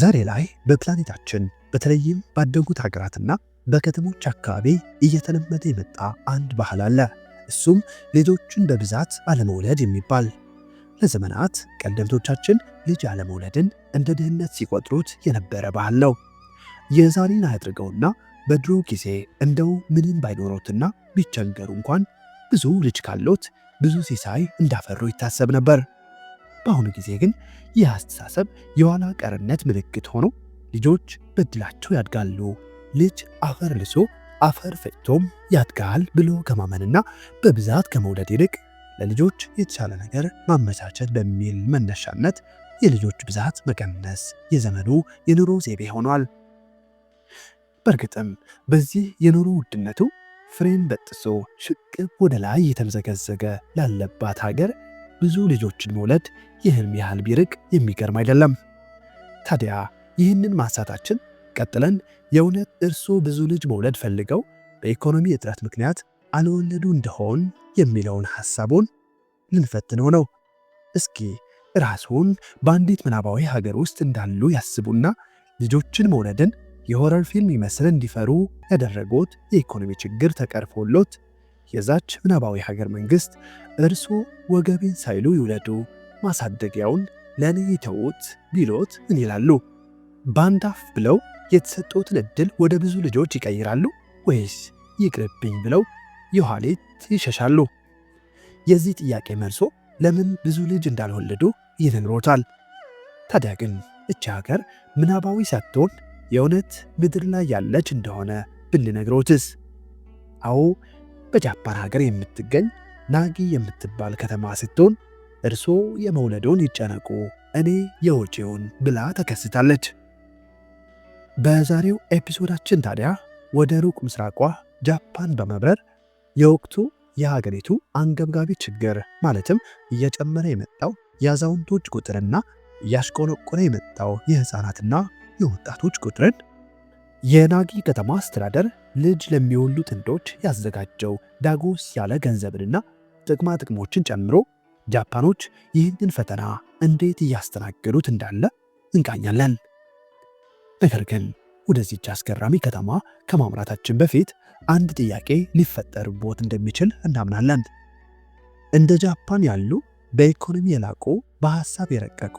ዛሬ ላይ በፕላኔታችን በተለይም ባደጉት ሀገራትና በከተሞች አካባቢ እየተለመደ የመጣ አንድ ባህል አለ። እሱም ልጆችን በብዛት አለመውለድ የሚባል። ለዘመናት ቀደምቶቻችን ልጅ አለመውለድን እንደ ድህነት ሲቆጥሩት የነበረ ባህል ነው። የዛሬን አያድርገውና በድሮ ጊዜ እንደው ምንም ባይኖሮትና ቢቸገሩ እንኳን ብዙ ልጅ ካሎት ብዙ ሲሳይ እንዳፈሩ ይታሰብ ነበር። በአሁኑ ጊዜ ግን ይህ አስተሳሰብ የኋላ ቀርነት ምልክት ሆኖ ልጆች በድላቸው ያድጋሉ። ልጅ አፈር ልሶ አፈር ፈጭቶም ያድጋል ብሎ ከማመንና በብዛት ከመውለድ ይልቅ ለልጆች የተሻለ ነገር ማመቻቸት በሚል መነሻነት የልጆች ብዛት መቀነስ የዘመኑ የኑሮ ዘይቤ ሆኗል። በእርግጥም በዚህ የኑሮ ውድነቱ ፍሬን በጥሶ ሽቅብ ወደ ላይ የተምዘገዘገ ላለባት ሀገር ብዙ ልጆችን መውለድ ይህን ያህል ቢርቅ የሚገርም አይደለም። ታዲያ ይህንን ማንሳታችን ቀጥለን የእውነት እርስዎ ብዙ ልጅ መውለድ ፈልገው በኢኮኖሚ እጥረት ምክንያት አልወለዱ እንደሆን የሚለውን ሐሳቡን ልንፈትነው ነው። እስኪ ራስዎን በአንዲት ምናባዊ ሀገር ውስጥ እንዳሉ ያስቡና ልጆችን መውለድን የሆረር ፊልም ይመስል እንዲፈሩ ያደረጉት የኢኮኖሚ ችግር ተቀርፎሎት የዛች ምናባዊ ሀገር መንግስት እርሶ ወገቤን ሳይሉ ይውለዱ፣ ማሳደጊያውን ለእኔ ይተዉት ቢሎት ምን ይላሉ? ባንዳፍ ብለው የተሰጠውትን ዕድል ወደ ብዙ ልጆች ይቀይራሉ ወይስ ይቅርብኝ ብለው የኋሊት ይሸሻሉ? የዚህ ጥያቄ መልሶ ለምን ብዙ ልጅ እንዳልወለዱ ይነግሮታል። ታዲያ ግን እቺ ሀገር ምናባዊ ሳትሆን የእውነት ምድር ላይ ያለች እንደሆነ ብንነግሮትስ? አዎ በጃፓን ሀገር የምትገኝ ናጊ የምትባል ከተማ ስትሆን እርሶ የመውለዶን ይጨነቁ እኔ የውጪውን ብላ ተከስታለች። በዛሬው ኤፒሶዳችን ታዲያ ወደ ሩቅ ምስራቋ ጃፓን በመብረር የወቅቱ የሀገሪቱ አንገብጋቢ ችግር ማለትም እየጨመረ የመጣው የአዛውንቶች ቁጥርና እያሽቆለቆለ የመጣው የህፃናትና የወጣቶች ቁጥርን የናጊ ከተማ አስተዳደር ልጅ ለሚወሉ ጥንዶች ያዘጋጀው ዳጎስ ያለ ገንዘብንና ጥቅማ ጥቅሞችን ጨምሮ ጃፓኖች ይህንን ፈተና እንዴት እያስተናገዱት እንዳለ እንቃኛለን። ነገር ግን ወደዚች አስገራሚ ከተማ ከማምራታችን በፊት አንድ ጥያቄ ሊፈጠርቦት እንደሚችል እናምናለን። እንደ ጃፓን ያሉ በኢኮኖሚ የላቁ በሐሳብ የረቀቁ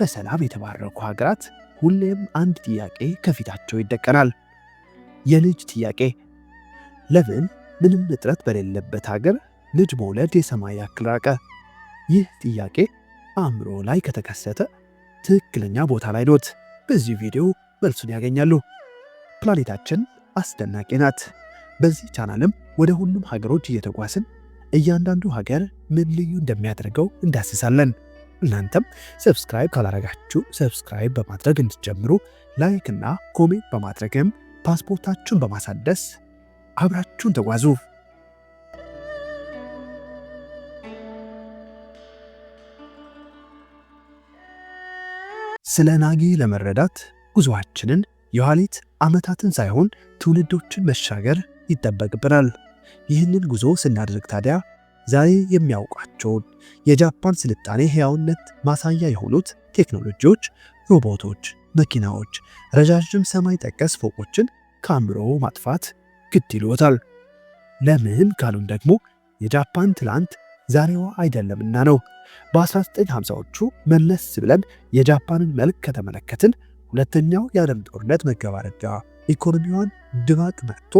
በሰላም የተባረኩ ሀገራት ሁሌም አንድ ጥያቄ ከፊታቸው ይደቀናል። የልጅ ጥያቄ ለምን ምንም እጥረት በሌለበት ሀገር ልጅ መውለድ የሰማይ ያክል ራቀ? ይህ ጥያቄ አእምሮ ላይ ከተከሰተ ትክክለኛ ቦታ ላይ ኖት። በዚህ ቪዲዮ መልሱን ያገኛሉ። ፕላኔታችን አስደናቂ ናት። በዚህ ቻናልም ወደ ሁሉም ሀገሮች እየተጓዝን እያንዳንዱ ሀገር ምን ልዩ እንደሚያደርገው እንዳስሳለን። እናንተም ሰብስክራይብ ካላረጋችሁ ሰብስክራይብ በማድረግ እንድትጀምሩ፣ ላይክ እና ኮሜንት በማድረግም ፓስፖርታችሁን በማሳደስ አብራችሁን ተጓዙ። ስለ ናጌ ለመረዳት ጉዞአችንን የኋሊት ዓመታትን ሳይሆን ትውልዶችን መሻገር ይጠበቅብናል። ይህንን ጉዞ ስናደርግ ታዲያ ዛሬ የሚያውቋቸውን የጃፓን ስልጣኔ ሕያውነት ማሳያ የሆኑት ቴክኖሎጂዎች፣ ሮቦቶች፣ መኪናዎች፣ ረዣዥም ሰማይ ጠቀስ ፎቆችን ከአእምሮ ማጥፋት ግድ ይልዎታል። ለምን ካሉን ደግሞ የጃፓን ትላንት ዛሬዋ አይደለምና ነው። በ1950ዎቹ መለስ ብለን የጃፓንን መልክ ከተመለከትን ሁለተኛው የዓለም ጦርነት መገባደጃ ኢኮኖሚዋን ድባቅ መጥቶ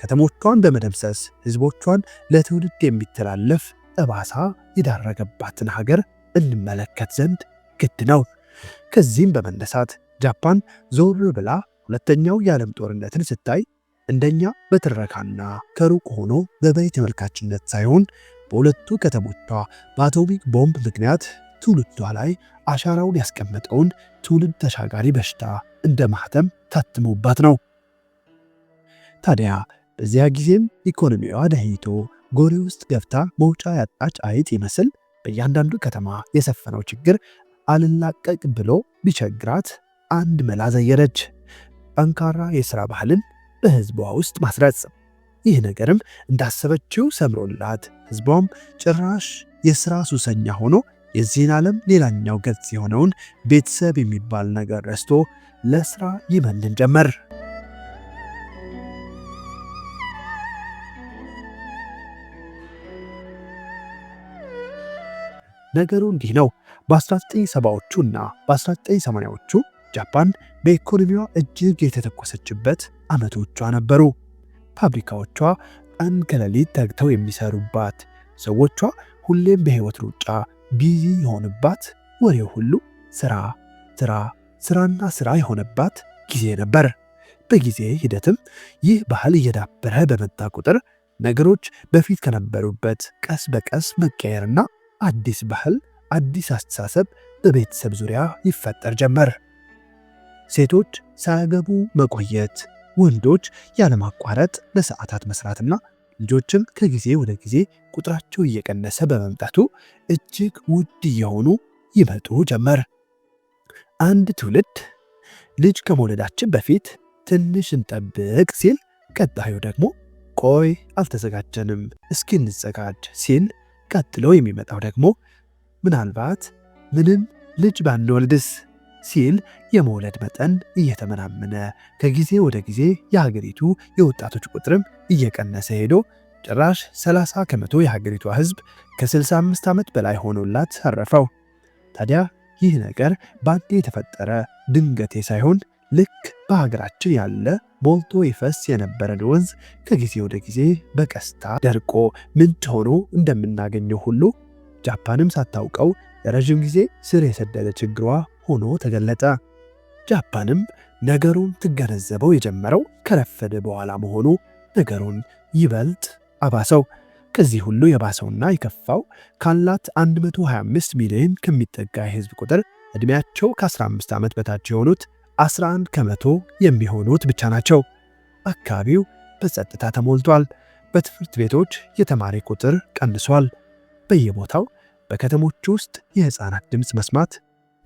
ከተሞቿን በመደምሰስ ህዝቦቿን ለትውልድ የሚተላለፍ እባሳ የዳረገባትን ሀገር እንመለከት ዘንድ ግድ ነው። ከዚህም በመነሳት ጃፓን ዞር ብላ ሁለተኛው የዓለም ጦርነትን ስታይ እንደኛ በትረካና ከሩቅ ሆኖ በበይ ተመልካችነት ሳይሆን በሁለቱ ከተሞቿ በአቶሚክ ቦምብ ምክንያት ትውልዷ ላይ አሻራውን ያስቀመጠውን ትውልድ ተሻጋሪ በሽታ እንደ ማህተም ታትሞባት ነው። ታዲያ በዚያ ጊዜም ኢኮኖሚዋ ደህይቶ ጎሬ ውስጥ ገብታ መውጫ ያጣች አይጥ ይመስል በእያንዳንዱ ከተማ የሰፈነው ችግር አልላቀቅ ብሎ ቢቸግራት አንድ መላ ዘየረች፣ ጠንካራ የሥራ ባህልን በሕዝቧ ውስጥ ማስረጽ። ይህ ነገርም እንዳሰበችው ሰምሮላት፣ ሕዝቧም ጭራሽ የሥራ ሱሰኛ ሆኖ የዚህን ዓለም ሌላኛው ገጽ የሆነውን ቤተሰብ የሚባል ነገር ረስቶ ለሥራ ይመልን ጀመር። ነገሩ እንዲህ ነው። በ1970ዎቹ እና በ1980ዎቹ ጃፓን በኢኮኖሚዋ እጅግ የተተኮሰችበት ዓመቶቿ ነበሩ። ፋብሪካዎቿ ቀን ከሌሊት ተግተው የሚሰሩባት፣ ሰዎቿ ሁሌም በሕይወት ሩጫ ቢዚ የሆኑባት፣ ወሬው ሁሉ ስራ ስራ ስራና ስራ የሆነባት ጊዜ ነበር። በጊዜ ሂደትም ይህ ባህል እየዳበረ በመጣ ቁጥር ነገሮች በፊት ከነበሩበት ቀስ በቀስ መቀየርና አዲስ ባህል፣ አዲስ አስተሳሰብ በቤተሰብ ዙሪያ ይፈጠር ጀመር። ሴቶች ሳያገቡ መቆየት፣ ወንዶች ያለማቋረጥ ለሰዓታት መስራትና ልጆችም ከጊዜ ወደ ጊዜ ቁጥራቸው እየቀነሰ በመምጣቱ እጅግ ውድ እየሆኑ ይመጡ ጀመር። አንድ ትውልድ ልጅ ከመውለዳችን በፊት ትንሽ እንጠብቅ ሲል፣ ቀጣዩ ደግሞ ቆይ አልተዘጋጀንም እስኪ እንዘጋጅ ሲል፣ ቀጥሎ የሚመጣው ደግሞ ምናልባት ምንም ልጅ ባንወልድስ ሲል የመውለድ መጠን እየተመናመነ ከጊዜ ወደ ጊዜ የሀገሪቱ የወጣቶች ቁጥርም እየቀነሰ ሄዶ ጭራሽ 30 ከመቶ የሀገሪቷ ህዝብ ከ65 ዓመት በላይ ሆኖላት አረፈው። ታዲያ ይህ ነገር በአንዴ የተፈጠረ ድንገቴ ሳይሆን ልክ በሀገራችን ያለ ቦልቶ ይፈስ የነበረን ወንዝ ከጊዜ ወደ ጊዜ በቀስታ ደርቆ ምንጭ ሆኖ እንደምናገኘው ሁሉ ጃፓንም ሳታውቀው ለረዥም ጊዜ ስር የሰደደ ችግሯ ሆኖ ተገለጠ። ጃፓንም ነገሩን ትገነዘበው የጀመረው ከረፈደ በኋላ መሆኑ ነገሩን ይበልጥ አባሰው። ከዚህ ሁሉ የባሰውና የከፋው ካላት 125 ሚሊዮን ከሚጠጋ የህዝብ ቁጥር ዕድሜያቸው ከ15 ዓመት በታች የሆኑት 11 ከመቶ የሚሆኑት ብቻ ናቸው። አካባቢው በጸጥታ ተሞልቷል። በትምህርት ቤቶች የተማሪ ቁጥር ቀንሷል። በየቦታው በከተሞች ውስጥ የህፃናት ድምፅ መስማት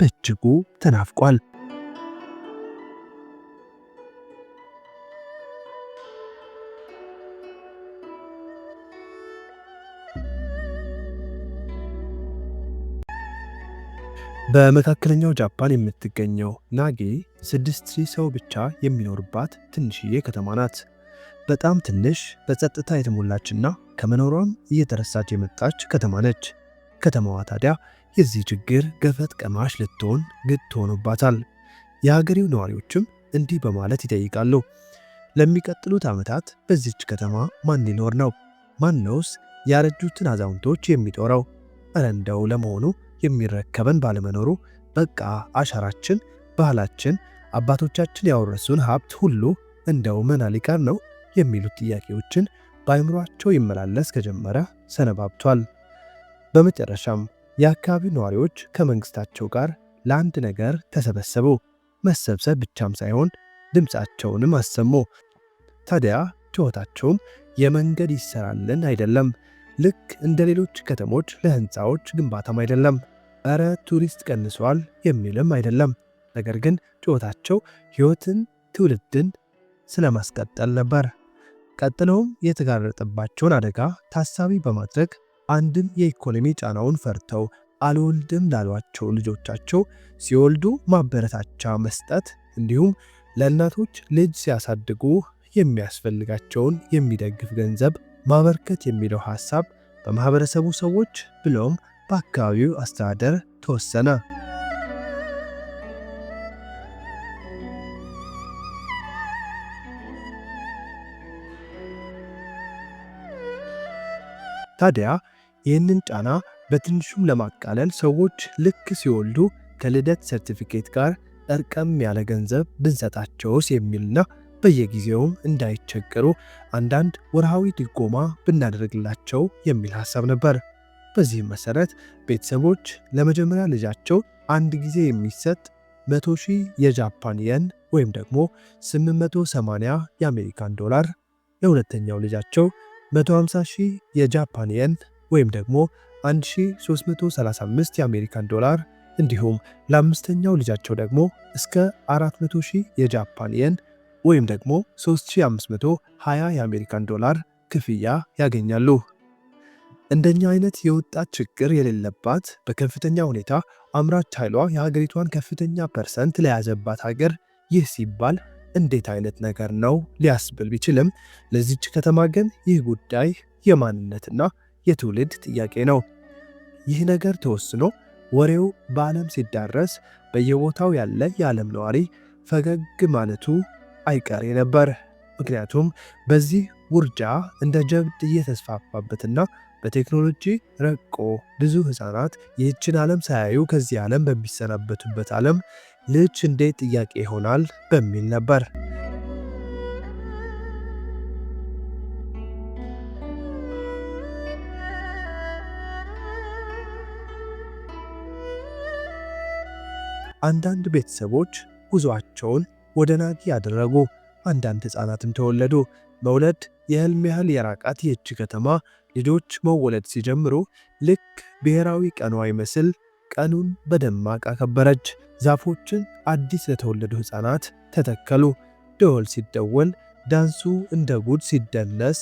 በእጅጉ ተናፍቋል። በመካከለኛው ጃፓን የምትገኘው ናጌ 6000 ሰው ብቻ የሚኖርባት ትንሽዬ ከተማ ናት። በጣም ትንሽ፣ በጸጥታ የተሞላችና ከመኖሯም እየተረሳች የመጣች ከተማ ነች። ከተማዋ ታዲያ የዚህ ችግር ገፈት ቀማሽ ልትሆን ግድ ሆኖባታል። የሀገሬው ነዋሪዎችም እንዲህ በማለት ይጠይቃሉ። ለሚቀጥሉት ዓመታት በዚች ከተማ ማን ሊኖር ነው? ማንነውስ ያረጁትን አዛውንቶች የሚጦረው? እረ እንደው ለመሆኑ የሚረከበን ባለመኖሩ በቃ አሻራችን፣ ባህላችን፣ አባቶቻችን ያወረሱን ሀብት ሁሉ እንደው መና ሊቀር ነው የሚሉት ጥያቄዎችን በአይምሯቸው ይመላለስ ከጀመረ ሰነባብቷል። በመጨረሻም የአካባቢው ነዋሪዎች ከመንግስታቸው ጋር ለአንድ ነገር ተሰበሰቡ። መሰብሰብ ብቻም ሳይሆን ድምፃቸውንም አሰሙ። ታዲያ ጩኸታቸውም የመንገድ ይሰራልን አይደለም፣ ልክ እንደ ሌሎች ከተሞች ለህንፃዎች ግንባታም አይደለም፣ እረ ቱሪስት ቀንሷል የሚልም አይደለም። ነገር ግን ጩኸታቸው ህይወትን፣ ትውልድን ስለማስቀጠል ነበር። ቀጥለውም የተጋረጠባቸውን አደጋ ታሳቢ በማድረግ አንድም የኢኮኖሚ ጫናውን ፈርተው አልወልድም ላሏቸው ልጆቻቸው ሲወልዱ ማበረታቻ መስጠት እንዲሁም ለእናቶች ልጅ ሲያሳድጉ የሚያስፈልጋቸውን የሚደግፍ ገንዘብ ማበርከት የሚለው ሐሳብ በማህበረሰቡ ሰዎች ብሎም በአካባቢው አስተዳደር ተወሰነ። ታዲያ ይህንን ጫና በትንሹም ለማቃለል ሰዎች ልክ ሲወልዱ ከልደት ሰርቲፊኬት ጋር ጠርቀም ያለ ገንዘብ ብንሰጣቸውስ የሚልና በየጊዜውም እንዳይቸገሩ አንዳንድ ወርሃዊ ድጎማ ብናደርግላቸው የሚል ሀሳብ ነበር። በዚህም መሰረት ቤተሰቦች ለመጀመሪያ ልጃቸው አንድ ጊዜ የሚሰጥ 100 ሺህ የጃፓን የን ወይም ደግሞ 880 የአሜሪካን ዶላር፣ ለሁለተኛው ልጃቸው 150 ሺህ የጃፓን የን ወይም ደግሞ 1335 የአሜሪካን ዶላር እንዲሁም ለአምስተኛው ልጃቸው ደግሞ እስከ 400,000 የጃፓን የን ወይም ደግሞ 3520 የአሜሪካን ዶላር ክፍያ ያገኛሉ። እንደኛ አይነት የወጣት ችግር የሌለባት በከፍተኛ ሁኔታ አምራች ኃይሏ የሀገሪቷን ከፍተኛ ፐርሰንት ለያዘባት ሀገር ይህ ሲባል እንዴት አይነት ነገር ነው ሊያስብል ቢችልም ለዚች ከተማ ግን ይህ ጉዳይ የማንነትና የትውልድ ጥያቄ ነው። ይህ ነገር ተወስኖ ወሬው በዓለም ሲዳረስ በየቦታው ያለ የዓለም ነዋሪ ፈገግ ማለቱ አይቀሬ ነበር። ምክንያቱም በዚህ ውርጃ እንደ ጀብድ እየተስፋፋበትና በቴክኖሎጂ ረቆ ብዙ ሕፃናት ይህችን ዓለም ሳያዩ ከዚህ ዓለም በሚሰናበቱበት ዓለም ልጅ እንዴት ጥያቄ ይሆናል በሚል ነበር። አንዳንድ ቤተሰቦች ጉዞአቸውን ወደ ናጊ ያደረጉ፣ አንዳንድ ሕፃናትም ተወለዱ። መውለድ የህልም ያህል የራቃት ይህች ከተማ ልጆች መወለድ ሲጀምሩ ልክ ብሔራዊ ቀኗ ይመስል ቀኑን በደማቅ አከበረች። ዛፎችን አዲስ ለተወለዱ ሕፃናት ተተከሉ። ደወል ሲደወል፣ ዳንሱ እንደ ጉድ ሲደነስ፣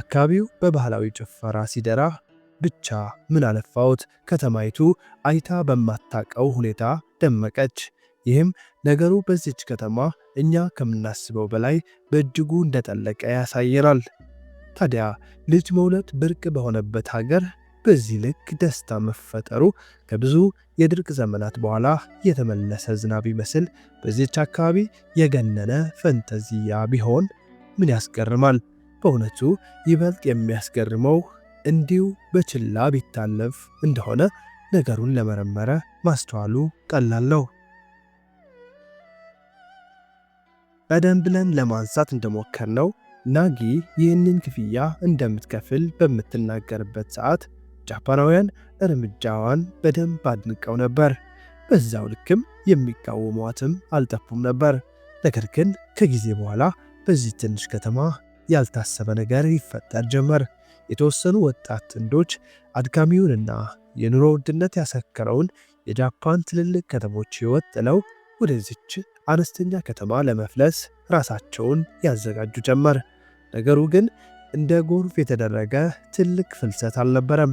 አካባቢው በባህላዊ ጭፈራ ሲደራ ብቻ ምን አለፋውት ከተማይቱ አይታ በማታቀው ሁኔታ ደመቀች። ይህም ነገሩ በዚች ከተማ እኛ ከምናስበው በላይ በእጅጉ እንደጠለቀ ያሳይራል። ታዲያ ልጅ መውለድ ብርቅ በሆነበት ሀገር በዚህ ልክ ደስታ መፈጠሩ ከብዙ የድርቅ ዘመናት በኋላ የተመለሰ ዝናብ ይመስል በዚች አካባቢ የገነነ ፈንተዚያ ቢሆን ምን ያስገርማል? በእውነቱ ይበልጥ የሚያስገርመው እንዲሁ በችላ ቢታለፍ እንደሆነ ነገሩን ለመረመረ ማስተዋሉ ቀላል ነው። በደንብ ብለን ለማንሳት ነው ናጊ ይህንን ክፍያ እንደምትከፍል በምትናገርበት ሰዓት ጃፓናውያን እርምጃዋን በደንብ አድንቀው ነበር። በዛው ልክም የሚቃወሟትም አልጠፉም ነበር። ነገር ግን ከጊዜ በኋላ በዚህ ትንሽ ከተማ ያልታሰበ ነገር ይፈጠር ጀመር። የተወሰኑ ወጣት ጥንዶች አድካሚውንና የኑሮ ውድነት ያሰከረውን የጃፓን ትልልቅ ከተሞች ሕይወት ጥለው ወደዚች አነስተኛ ከተማ ለመፍለስ ራሳቸውን ያዘጋጁ ጀመር። ነገሩ ግን እንደ ጎርፍ የተደረገ ትልቅ ፍልሰት አልነበረም።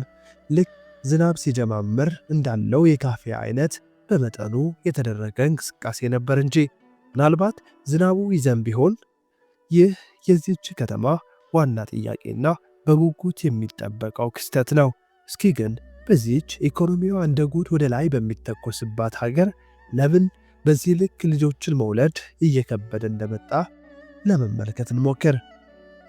ልክ ዝናብ ሲጀማምር እንዳለው የካፌ አይነት በመጠኑ የተደረገ እንቅስቃሴ ነበር እንጂ። ምናልባት ዝናቡ ይዘን ቢሆን ይህ የዚች ከተማ ዋና ጥያቄና በጉጉት የሚጠበቀው ክስተት ነው። እስኪ ግን በዚች ኢኮኖሚዋ እንደ ጉድ ወደ ላይ በሚተኮስባት ሀገር ለምን በዚህ ልክ ልጆችን መውለድ እየከበደ እንደመጣ ለመመልከት እንሞክር።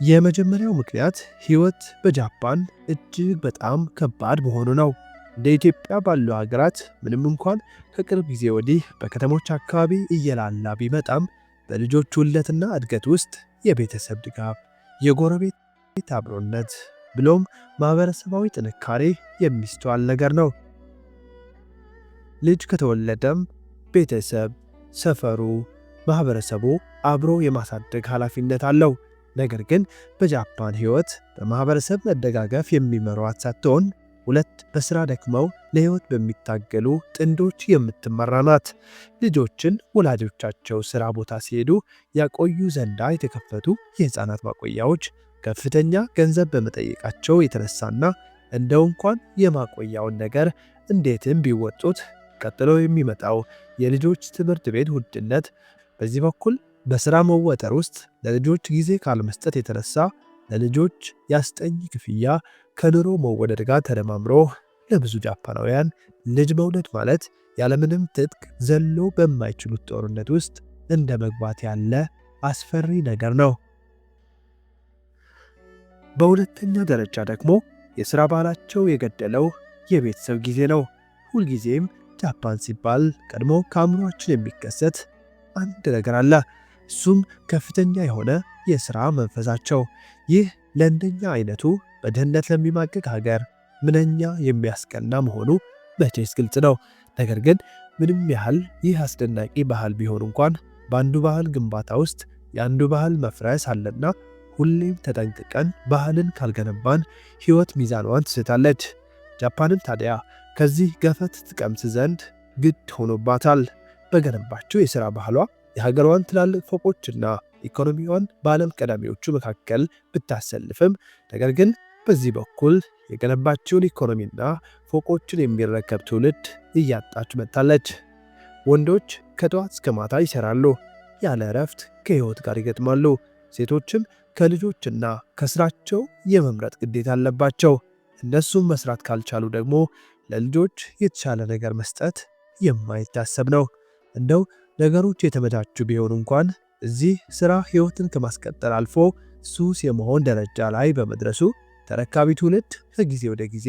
የመጀመሪያው ምክንያት ሕይወት በጃፓን እጅግ በጣም ከባድ መሆኑ ነው። እንደ ኢትዮጵያ ባሉ ሀገራት ምንም እንኳን ከቅርብ ጊዜ ወዲህ በከተሞች አካባቢ እየላላ ቢመጣም በልጆች ውለትና እድገት ውስጥ የቤተሰብ ድጋፍ፣ የጎረቤት አብሮነት ብሎም ማህበረሰባዊ ጥንካሬ የሚስተዋል ነገር ነው። ልጅ ከተወለደም ቤተሰብ፣ ሰፈሩ፣ ማህበረሰቡ አብሮ የማሳደግ ኃላፊነት አለው። ነገር ግን በጃፓን ህይወት በማህበረሰብ መደጋገፍ የሚመሯት ሳትሆን ሁለት በስራ ደክመው ለህይወት በሚታገሉ ጥንዶች የምትመራ ናት። ልጆችን ወላጆቻቸው ስራ ቦታ ሲሄዱ ያቆዩ ዘንዳ የተከፈቱ የህፃናት ማቆያዎች ከፍተኛ ገንዘብ በመጠየቃቸው የተነሳና እንደው እንኳን የማቆያውን ነገር እንዴትም ቢወጡት ቀጥሎ የሚመጣው የልጆች ትምህርት ቤት ውድነት፣ በዚህ በኩል በስራ መወጠር ውስጥ ለልጆች ጊዜ ካለመስጠት የተነሳ ለልጆች ያስጠኝ ክፍያ ከኑሮ መወደድ ጋር ተደማምሮ ለብዙ ጃፓናውያን ልጅ መውለድ ማለት ያለምንም ትጥቅ ዘሎ በማይችሉት ጦርነት ውስጥ እንደ መግባት ያለ አስፈሪ ነገር ነው። በሁለተኛ ደረጃ ደግሞ የሥራ ባላቸው የገደለው የቤተሰብ ጊዜ ነው። ሁልጊዜም ጃፓን ሲባል ቀድሞ ከአእምሯችን የሚከሰት አንድ ነገር አለ። እሱም ከፍተኛ የሆነ የሥራ መንፈሳቸው። ይህ ለእንደኛ አይነቱ በድህነት ለሚማቅቅ ሀገር ምንኛ የሚያስቀና መሆኑ መቼስ ግልጽ ነው። ነገር ግን ምንም ያህል ይህ አስደናቂ ባህል ቢሆን እንኳን በአንዱ ባህል ግንባታ ውስጥ የአንዱ ባህል መፍረስ አለና ሁሌም ተጠንቅቀን ባህልን ካልገነባን ሕይወት ሚዛኗን ትስታለች። ጃፓንም ታዲያ ከዚህ ገፈት ትቀምስ ዘንድ ግድ ሆኖባታል። በገነባችው የሥራ ባህሏ የሀገሯን ትላልቅ ፎቆችና ኢኮኖሚዋን በዓለም ቀዳሚዎቹ መካከል ብታሰልፍም ነገር ግን በዚህ በኩል የገነባችውን ኢኮኖሚና ፎቆችን የሚረከብ ትውልድ እያጣች መጥታለች። ወንዶች ከጠዋት እስከ ማታ ይሰራሉ፣ ያለ እረፍት ከሕይወት ጋር ይገጥማሉ። ሴቶችም ከልጆችና ከስራቸው የመምረጥ ግዴታ አለባቸው። እነሱም መስራት ካልቻሉ ደግሞ ለልጆች የተሻለ ነገር መስጠት የማይታሰብ ነው። እንደው ነገሮች የተመቻቹ ቢሆን እንኳን እዚህ ስራ ህይወትን ከማስቀጠል አልፎ ሱስ የመሆን ደረጃ ላይ በመድረሱ ተረካቢ ትውልድ ከጊዜ ወደ ጊዜ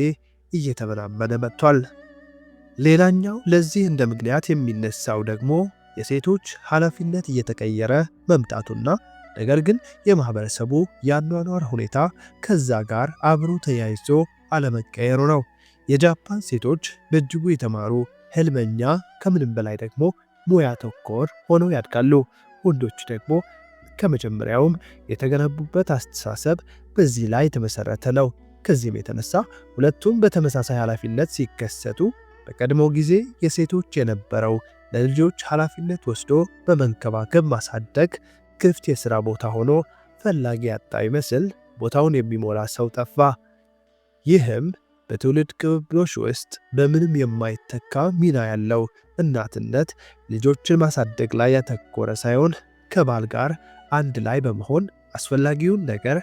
እየተመናመነ መጥቷል። ሌላኛው ለዚህ እንደ ምክንያት የሚነሳው ደግሞ የሴቶች ኃላፊነት እየተቀየረ መምጣቱና ነገር ግን የማህበረሰቡ የአኗኗር ሁኔታ ከዛ ጋር አብሮ ተያይዞ አለመቀየሩ ነው። የጃፓን ሴቶች በእጅጉ የተማሩ፣ ህልመኛ፣ ከምንም በላይ ደግሞ ሙያ ተኮር ሆነው ያድጋሉ። ወንዶች ደግሞ ከመጀመሪያውም የተገነቡበት አስተሳሰብ በዚህ ላይ የተመሰረተ ነው። ከዚህም የተነሳ ሁለቱም በተመሳሳይ ኃላፊነት ሲከሰቱ በቀድሞ ጊዜ የሴቶች የነበረው ለልጆች ኃላፊነት ወስዶ በመንከባከብ ማሳደግ ክፍት የሥራ ቦታ ሆኖ ፈላጊ ያጣ ይመስል ቦታውን የሚሞላ ሰው ጠፋ። ይህም በትውልድ ቅብብሎች ውስጥ በምንም የማይተካ ሚና ያለው እናትነት ልጆችን ማሳደግ ላይ ያተኮረ ሳይሆን ከባል ጋር አንድ ላይ በመሆን አስፈላጊውን ነገር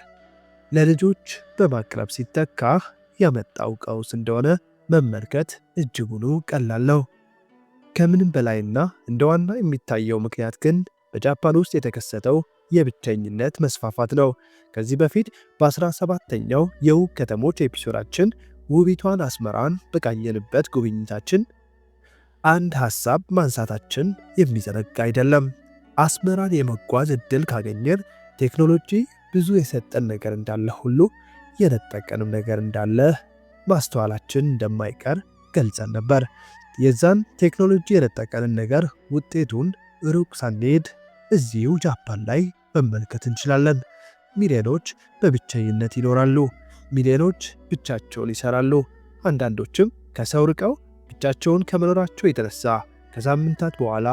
ለልጆች በማቅረብ ሲተካ ያመጣው ቀውስ እንደሆነ መመልከት እጅጉኑ ቀላል ነው። ከምንም በላይና እንደ ዋና የሚታየው ምክንያት ግን በጃፓን ውስጥ የተከሰተው የብቸኝነት መስፋፋት ነው። ከዚህ በፊት በ17ኛው የውብ ከተሞች ኤፒሶዳችን ውቢቷን አስመራን በቃኘንበት ጉብኝታችን አንድ ሐሳብ ማንሳታችን የሚዘነጋ አይደለም። አስመራን የመጓዝ እድል ካገኘን ቴክኖሎጂ ብዙ የሰጠን ነገር እንዳለ ሁሉ የነጠቀንም ነገር እንዳለ ማስተዋላችን እንደማይቀር ገልጸን ነበር። የዛን ቴክኖሎጂ የነጠቀንን ነገር ውጤቱን ሩቅ ሳንሄድ እዚሁ ጃፓን ላይ መመልከት እንችላለን። ሚሊዮኖች በብቸኝነት ይኖራሉ። ሚሊዮኖች ብቻቸውን ይሰራሉ። አንዳንዶችም ከሰው ርቀው ብቻቸውን ከመኖራቸው የተነሳ ከሳምንታት በኋላ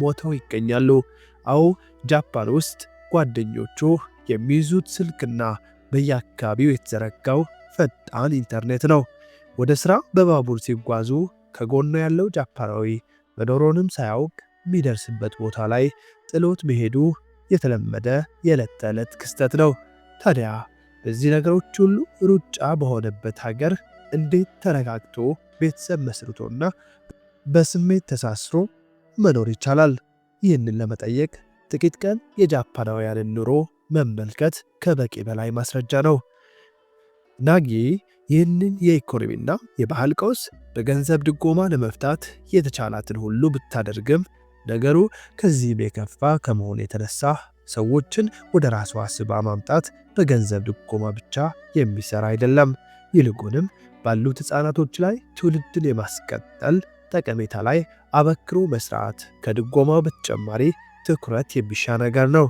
ሞተው ይገኛሉ። አዎ ጃፓን ውስጥ ጓደኞቹ የሚይዙት ስልክና በየአካባቢው የተዘረጋው ፈጣን ኢንተርኔት ነው። ወደ ሥራ በባቡር ሲጓዙ ከጎኑ ያለው ጃፓናዊ መኖሮንም ሳያውቅ የሚደርስበት ቦታ ላይ ጥሎት መሄዱ የተለመደ የዕለት ተዕለት ክስተት ነው። ታዲያ በዚህ ነገሮች ሁሉ ሩጫ በሆነበት ሀገር እንዴት ተረጋግቶ ቤተሰብ መስርቶና በስሜት ተሳስሮ መኖር ይቻላል? ይህንን ለመጠየቅ ጥቂት ቀን የጃፓናውያንን ኑሮ መመልከት ከበቂ በላይ ማስረጃ ነው። ናጊ ይህንን የኢኮኖሚና የባህል ቀውስ በገንዘብ ድጎማ ለመፍታት የተቻላትን ሁሉ ብታደርግም ነገሩ ከዚህም የከፋ ከመሆኑ የተነሳ ሰዎችን ወደ ራሷ አስባ ማምጣት በገንዘብ ድጎማ ብቻ የሚሰራ አይደለም። ይልቁንም ባሉት ህጻናቶች ላይ ትውልድን የማስቀጠል ጠቀሜታ ላይ አበክሮ መስራት ከድጎማው በተጨማሪ ትኩረት የሚሻ ነገር ነው።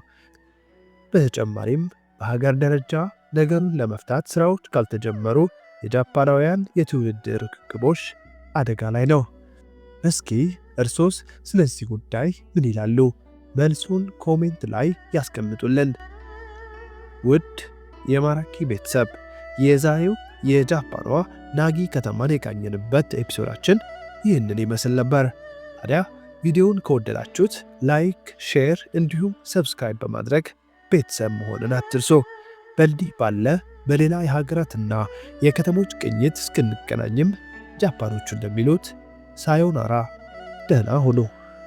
በተጨማሪም በሀገር ደረጃ ነገሩን ለመፍታት ስራዎች ካልተጀመሩ የጃፓናውያን የትውልድ ርክክቦች አደጋ ላይ ነው። እስኪ እርሶስ ስለዚህ ጉዳይ ምን ይላሉ? መልሱን ኮሜንት ላይ ያስቀምጡልን። ውድ የማራኪ ቤተሰብ የዛሬው የጃፓኗ ናጊ ከተማን የቃኘንበት ኤፒሶዳችን ይህንን ይመስል ነበር። ታዲያ ቪዲዮውን ከወደዳችሁት ላይክ፣ ሼር እንዲሁም ሰብስክራይብ በማድረግ ቤተሰብ መሆንን አትርሶ። በእንዲህ ባለ በሌላ የሀገራትና የከተሞች ቅኝት እስክንገናኝም ጃፓኖቹ እንደሚሉት ሳዮናራ፣ ደህና ሁኑ።